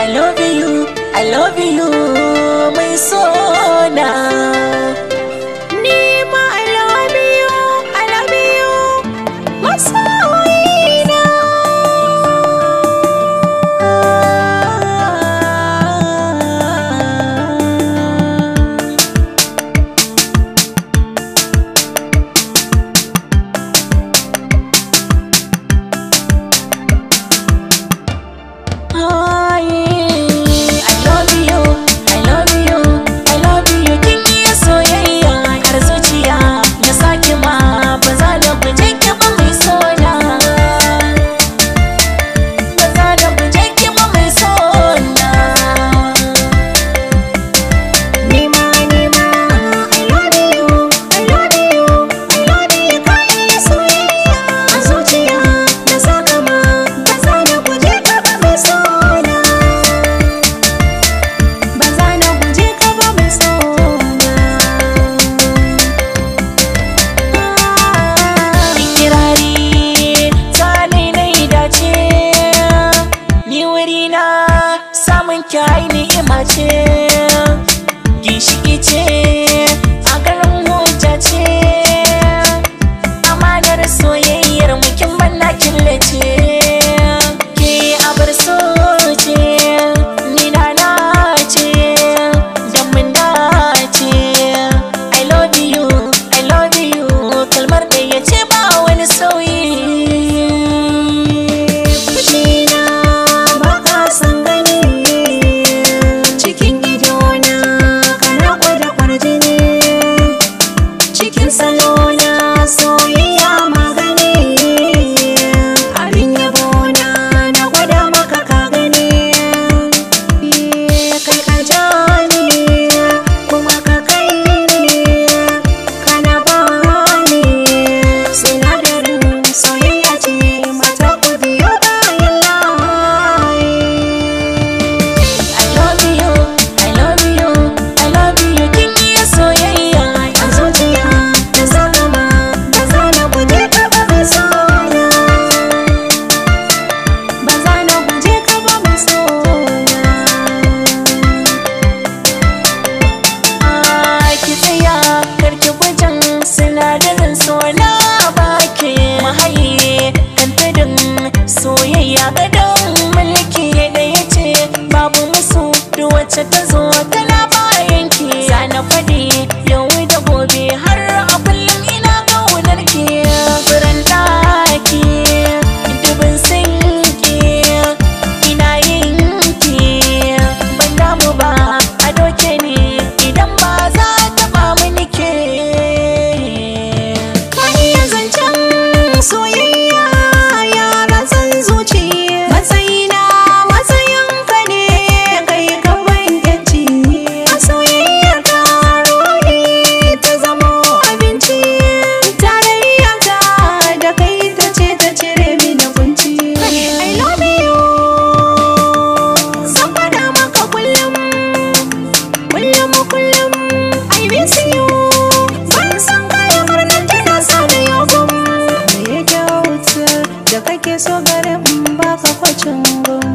I love you, I love you. kake so garin ba ka kwacin gun